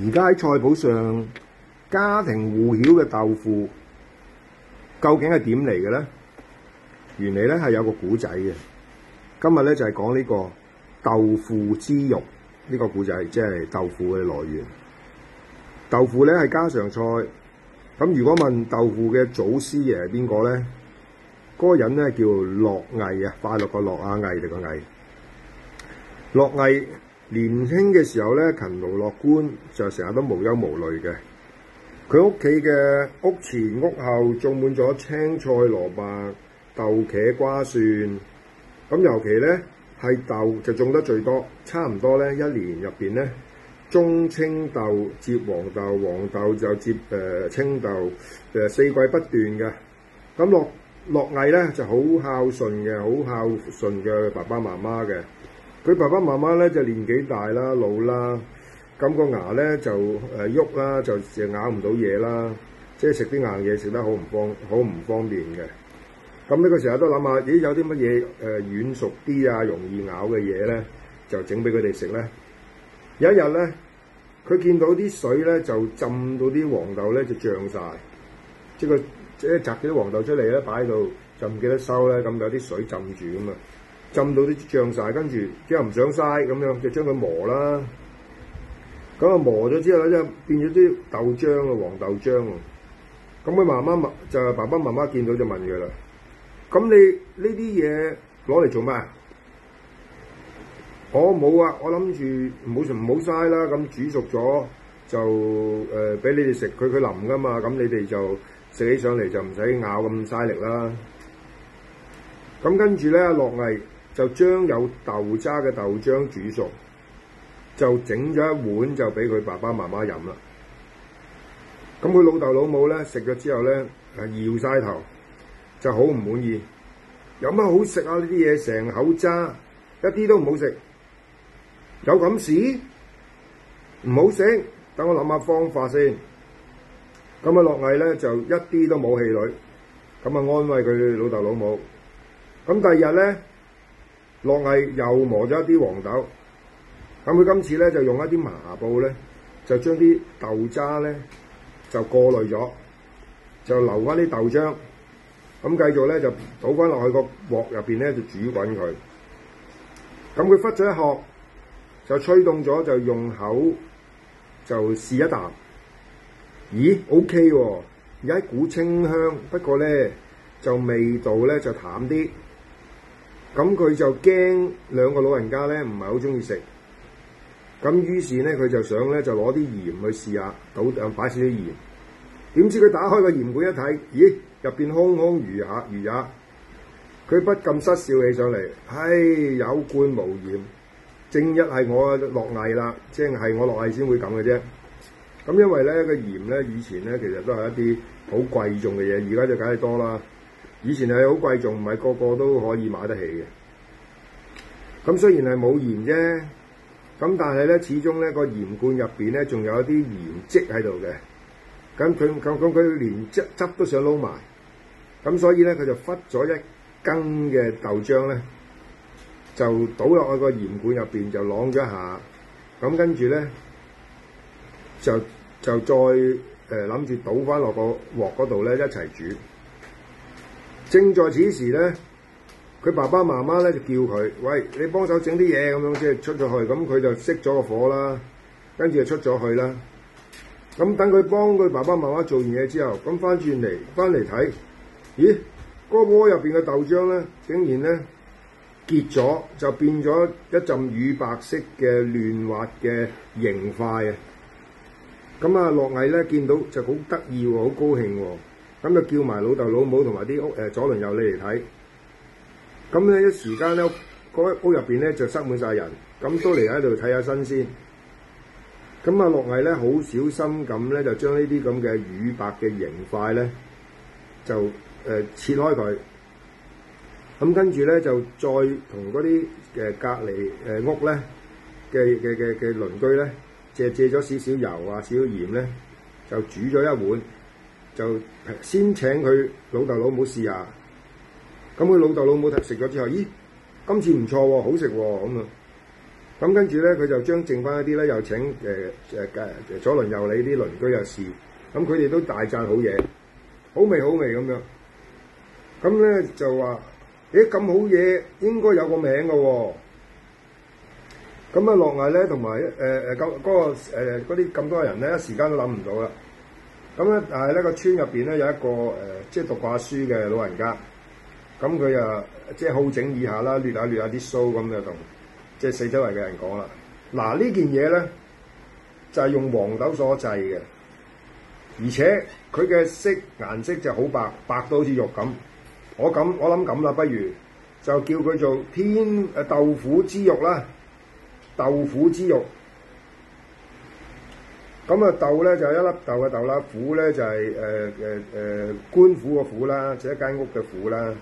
而家喺菜譜上，家傳戶曉嘅豆腐，究竟係點嚟嘅咧？原嚟咧係有個古仔嘅。今日咧就係、是、講呢個豆腐之玉呢、這個古仔，即係豆腐嘅來源。豆腐咧係家常菜。咁如果問豆腐嘅祖師爺係邊個咧？嗰、那個人咧叫樂毅啊，快樂個樂啊，毅、這、嚟個毅。樂毅。年輕嘅時候咧，勤勞樂觀，就成日都無憂無慮嘅。佢屋企嘅屋前屋後種滿咗青菜、蘿蔔、豆、茄瓜、蒜。咁尤其咧係豆就種得最多，差唔多咧一年入邊咧種青豆、接黃豆，黃豆就接誒青豆，誒四季不斷嘅。咁落樂毅咧就好孝順嘅，好孝順嘅爸爸媽媽嘅。佢爸爸媽媽咧就年紀大啦、老啦，咁、嗯、個牙咧就誒喐啦，就成、呃、咬唔到嘢啦，即係食啲硬嘢食得好唔方好唔方便嘅。咁呢個時候都諗下，咦有啲乜嘢誒軟熟啲啊、容易咬嘅嘢咧，就整俾佢哋食咧。有一日咧，佢見到啲水咧就浸到啲黃豆咧就漲晒。即係佢即係摘啲黃豆出嚟咧擺喺度，就唔記得收咧，咁有啲水浸住㗎嘛。浸到啲脹曬，跟住之後唔想嘥咁樣，就將佢磨啦。咁啊磨咗之後咧，就變咗啲豆漿啊，黃豆漿喎。咁佢媽媽問，就係爸爸媽媽見到就問佢啦。咁你呢啲嘢攞嚟做咩啊？我冇啊，我諗住唔好唔好嘥啦。咁煮熟咗就誒俾你哋食，佢佢腍噶嘛。咁你哋就食起上嚟就唔使咬咁嘥力啦。咁跟住咧，樂毅。就將有豆渣嘅豆漿煮熟，就整咗一碗就俾佢爸爸媽媽飲啦。咁佢老豆老母咧食咗之後咧，搖晒頭，就好唔滿意，有乜好食啊？呢啲嘢成口渣，一啲都唔好食，有咁事，唔好食，等我諗下方法先。咁啊，樂毅咧就一啲都冇氣餒，咁啊安慰佢老豆老母。咁第二日咧。落嚟又磨咗一啲黃豆，咁佢今次咧就用一啲麻布咧，就將啲豆渣咧就過濾咗，就留翻啲豆漿，咁繼續咧就倒翻落去個鑊入邊咧就煮滾佢，咁佢忽咗一殼就吹凍咗，就用口就試一啖，咦 OK 喎，哦，有一股清香，不過咧就味道咧就淡啲。咁佢就驚兩個老人家咧唔係好中意食，咁於是咧佢就想咧就攞啲鹽去試下，倒誒擺少啲鹽。點知佢打開個鹽罐一睇，咦，入邊空空如下如也，佢不禁失笑起上嚟，唉，有罐無鹽，正一係我落藝啦，即係我落藝先會咁嘅啫。咁因為咧個鹽咧以前咧其實都係一啲好貴重嘅嘢，而家就梗係多啦。以前係好貴重，唔係個個都可以買得起嘅。咁雖然係冇鹽啫，咁但係咧，始終咧個鹽罐入邊咧仲有一啲鹽漬喺度嘅。咁佢咁咁佢連汁汁都想撈埋，咁所以咧佢就揈咗一羹嘅豆漿咧，就倒落去個鹽罐入邊，就啷咗一下。咁跟住咧，就就再誒諗住倒翻落個鑊嗰度咧一齊煮。正在此時咧，佢爸爸媽媽咧就叫佢：喂，你幫手整啲嘢咁樣，先係出咗去，咁佢就熄咗個火啦，跟住就出咗去啦。咁等佢幫佢爸爸媽媽做完嘢之後，咁翻轉嚟翻嚟睇，咦，個窩入邊嘅豆漿咧，竟然咧結咗，就變咗一陣乳白色嘅嫩滑嘅凝塊啊！咁啊，樂毅咧見到就好得意喎，好高興喎。咁就叫埋老豆老母同埋啲屋，誒，左鄰右里嚟，睇，咁咧一時間咧嗰間屋入邊咧就塞滿晒人，咁都嚟喺度睇下新鮮。咁啊，樂毅咧好小心咁咧就將呢啲咁嘅乳白嘅凝塊咧就，誒，切開佢，咁跟住咧就再同嗰啲誒隔籬誒屋咧嘅嘅嘅嘅鄰居咧借借咗少少油啊少少鹽咧就煮咗一碗。就先請佢老豆老母試下，咁佢老豆老母食咗之後，咦，今次唔錯喎，啊，好食喎，咁啊，咁跟住咧，佢就將剩翻一啲咧，又請誒誒誒左鄰右里啲鄰居又試，咁佢哋都大讚好嘢，好味好味咁樣，咁咧就話，咦、欸、咁好嘢，應該有個名嘅喎，啊，咁啊落嚟咧，同埋誒誒嗰個誒嗰啲咁多人咧，一時間都諗唔到啦。咁咧，但係咧、呢個村入邊咧有一個誒、呃，即係讀過書嘅老人家，咁佢又即係好整以下啦，捋下捋下啲鬚咁就同，即係四周圍嘅人講啦。嗱，呢件嘢咧就係、是、用黃豆所製嘅，而且佢嘅色顏色就好白，白到好似肉咁。我咁我諗咁啦，不如就叫佢做天誒豆腐之肉啦，豆腐之肉。咁啊，豆咧就是、一粒豆嘅豆啦，府咧就係誒誒誒官府嘅府啦，就一間屋嘅府啦。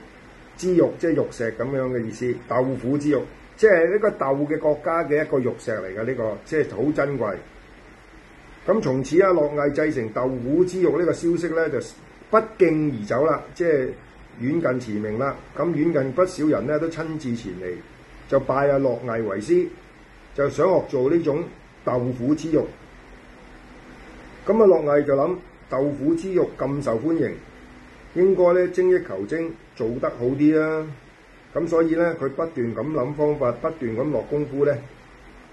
之玉即係、就是、玉石咁樣嘅意思，豆府之玉，即係呢個豆嘅國家嘅一個玉石嚟嘅呢個，即係好珍貴。咁從此啊，樂毅製成豆府之玉呢個消息咧，就不脛而走啦，即、就、係、是、遠近馳名啦。咁遠近不少人咧都親自前嚟，就拜阿、啊、樂毅為師，就想學做呢種豆府之玉。咁啊，樂毅就諗豆腐之肉咁受歡迎，應該咧精益求精，做得好啲啦。咁所以咧，佢不斷咁諗方法，不斷咁落功夫咧，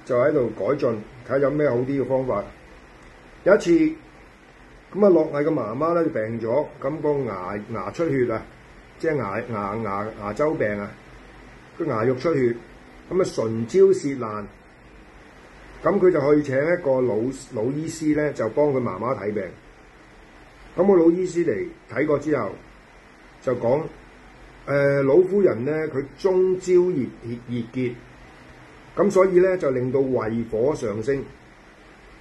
就喺度改進，睇下有咩好啲嘅方法。有一次，咁啊，樂毅嘅媽媽咧就病咗，咁個牙牙出血啊，即係牙牙牙牙周病啊，個牙肉出血，咁啊，唇焦舌爛。咁佢就去請一個老老醫師咧，就幫佢媽媽睇病。咁個老醫師嚟睇過之後，就講：誒、呃、老夫人咧，佢中焦熱血熱結，咁所以咧就令到胃火上升。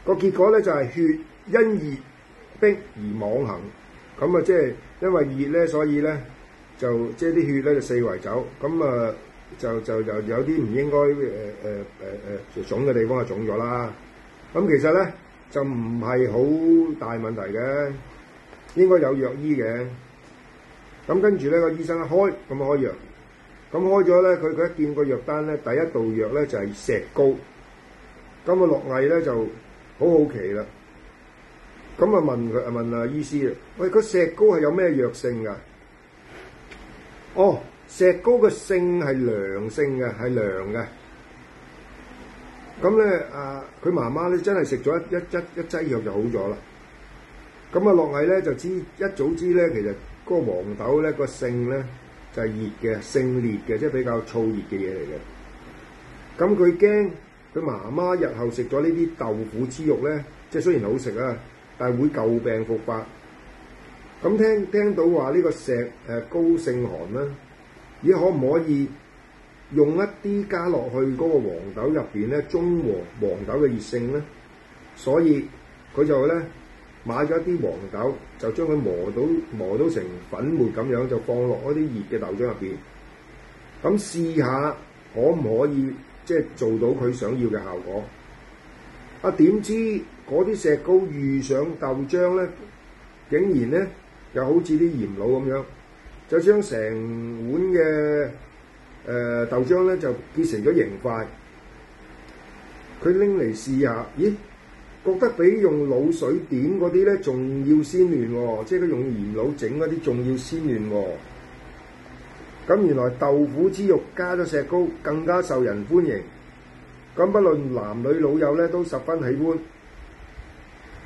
個結果咧就係、是、血因熱逼而妄行，咁啊即係因為熱咧，所以咧就即係啲血咧就四圍走，咁啊。呃就就就有啲唔應該誒誒誒誒腫嘅地方就腫咗啦。咁其實咧就唔係好大問題嘅，應該有藥醫嘅。咁跟住咧個醫生開咁開藥，咁開咗咧，佢佢一見個藥單咧，第一道藥咧就係石膏。咁啊樂毅咧就好好奇啦。咁啊問佢啊問啊醫師，喂個石膏係有咩藥性㗎？哦。石膏嘅性係涼性嘅，係涼嘅。咁咧啊，佢媽媽咧真係食咗一一一一劑藥就好咗啦。咁啊，樂毅咧就知一早知咧，其實嗰個黃豆咧個性咧就係熱嘅，性烈嘅，即係比較燥熱嘅嘢嚟嘅。咁佢驚佢媽媽日後食咗呢啲豆腐豬肉咧，即係雖然好食啊，但係會舊病復發。咁聽聽到話呢個石誒膏性寒啦。而可唔可以用一啲加落去嗰個黃豆入邊咧，中和黃豆嘅熱性咧？所以佢就咧買咗一啲黃豆，就將佢磨到磨到成粉末咁樣，就放落嗰啲熱嘅豆漿入邊，咁試下可唔可以即係、就是、做到佢想要嘅效果？啊，點知嗰啲石膏遇上豆漿咧，竟然咧又好似啲鹽佬咁樣。就將成碗嘅誒、呃、豆漿咧，就結成咗凝塊。佢拎嚟試下，咦？覺得比用滷水點嗰啲咧，仲要鮮嫩喎、哦。即係佢用鹽滷整嗰啲，仲要鮮嫩喎、哦。咁原來豆府之玉加咗石膏，更加受人歡迎。咁不論男女老幼咧，都十分喜歡。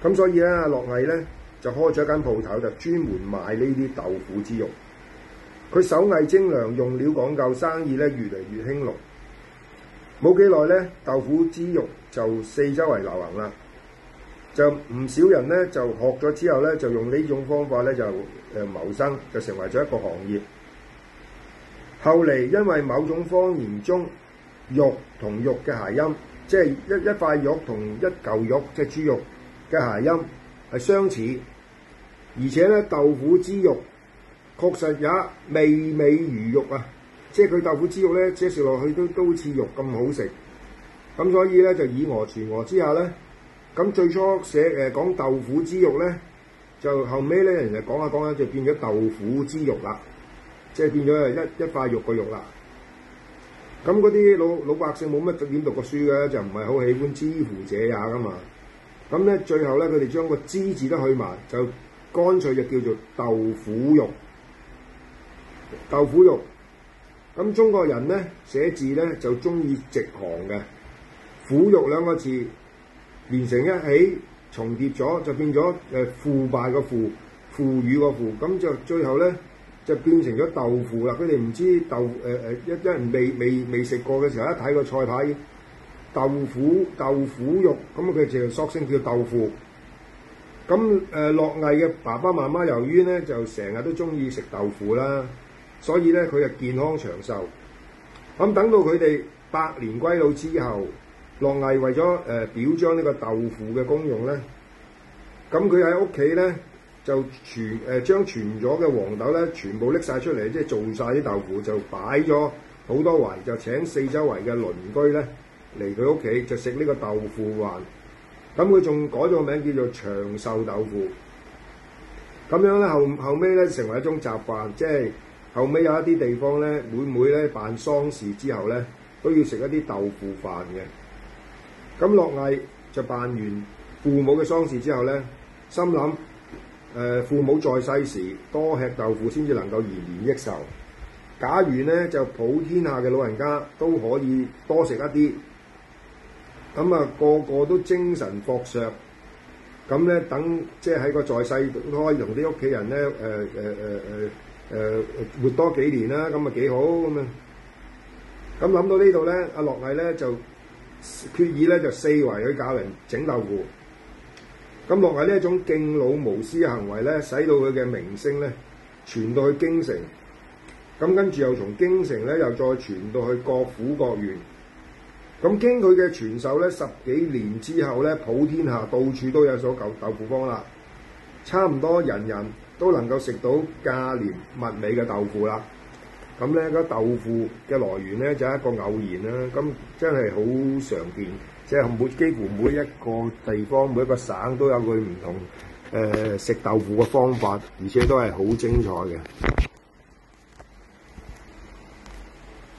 咁所以咧，樂毅咧就開咗一間鋪頭，就專門賣呢啲豆府之玉。佢手藝精良，用料講究，生意咧越嚟越興隆。冇幾耐咧，豆腐之肉就四周圍流行啦，就唔少人咧就學咗之後咧就用呢種方法咧就誒謀生，就成為咗一個行業。後嚟因為某種方言中，肉同肉嘅諧音，即係一一塊肉同一嚿肉即係、就是、豬肉嘅諧音係相似，而且咧豆腐之肉。確實也味美如肉啊！即係佢豆腐之肉咧，即係食落去都都好似肉咁好食。咁所以咧就以訛傳訛之下咧，咁最初寫誒、呃、講豆腐之肉咧，就後尾咧人哋講下講下就變咗豆腐之肉啦，即係變咗一一塊肉嘅肉啦。咁嗰啲老老百姓冇乜點讀過書嘅，就唔係好喜歡知乎者也噶嘛。咁咧最後咧佢哋將個知字都去埋，就乾脆就叫做豆腐肉。豆腐肉，咁中國人咧寫字咧就中意直行嘅，腐肉兩個字連成一起重疊咗，就變咗誒腐敗個腐腐乳個腐，咁就最後咧就變成咗豆腐啦。佢哋唔知豆誒誒一因為未未未食過嘅時候，一睇個菜牌，豆腐豆腐肉，咁佢就索性叫豆腐。咁誒、呃、樂毅嘅爸爸媽媽由於咧就成日都中意食豆腐啦。所以咧，佢就健康長壽。咁、嗯、等到佢哋百年歸老之後，樂毅為咗誒、呃、表彰呢個豆腐嘅功用咧，咁佢喺屋企咧就存誒、呃、將存咗嘅黃豆咧全部拎晒出嚟，即係做晒啲豆腐，就擺咗好多圍，就請四周圍嘅鄰居咧嚟佢屋企就食呢個豆腐飯。咁佢仲改咗個名叫做長壽豆腐。咁樣咧後後尾咧成為一種習慣，即係。後尾有一啲地方咧，每每咧辦喪事之後咧，都要食一啲豆腐飯嘅。咁樂毅就辦完父母嘅喪事之後咧，心諗誒、呃、父母在世時多吃豆腐先至能夠延年益壽。假如咧就普天下嘅老人家都可以多食一啲，咁、那、啊，個個都精神矍鑠，咁咧等即係喺個在世都可以同啲屋企人咧誒誒誒誒。呃呃呃誒、呃、活多幾年啦，咁咪幾好咁啊！咁諗到呢度咧，阿樂毅咧就決意咧就四圍去教人整豆腐。咁樂毅呢一種敬老無私嘅行為咧，使到佢嘅名聲咧傳到去京城。咁、嗯、跟住又從京城咧又再傳到去各府各縣。咁、嗯、經佢嘅傳授咧，十幾年之後咧，普天下到處都有所教豆腐坊啦。差唔多人人，都能夠食到價廉物美嘅豆腐啦。咁咧，嗰豆腐嘅來源咧就係、是、一個偶然啦。咁真係好常見，即係每幾乎每一個地方、每一個省都有佢唔同誒、呃、食豆腐嘅方法，而且都係好精彩嘅。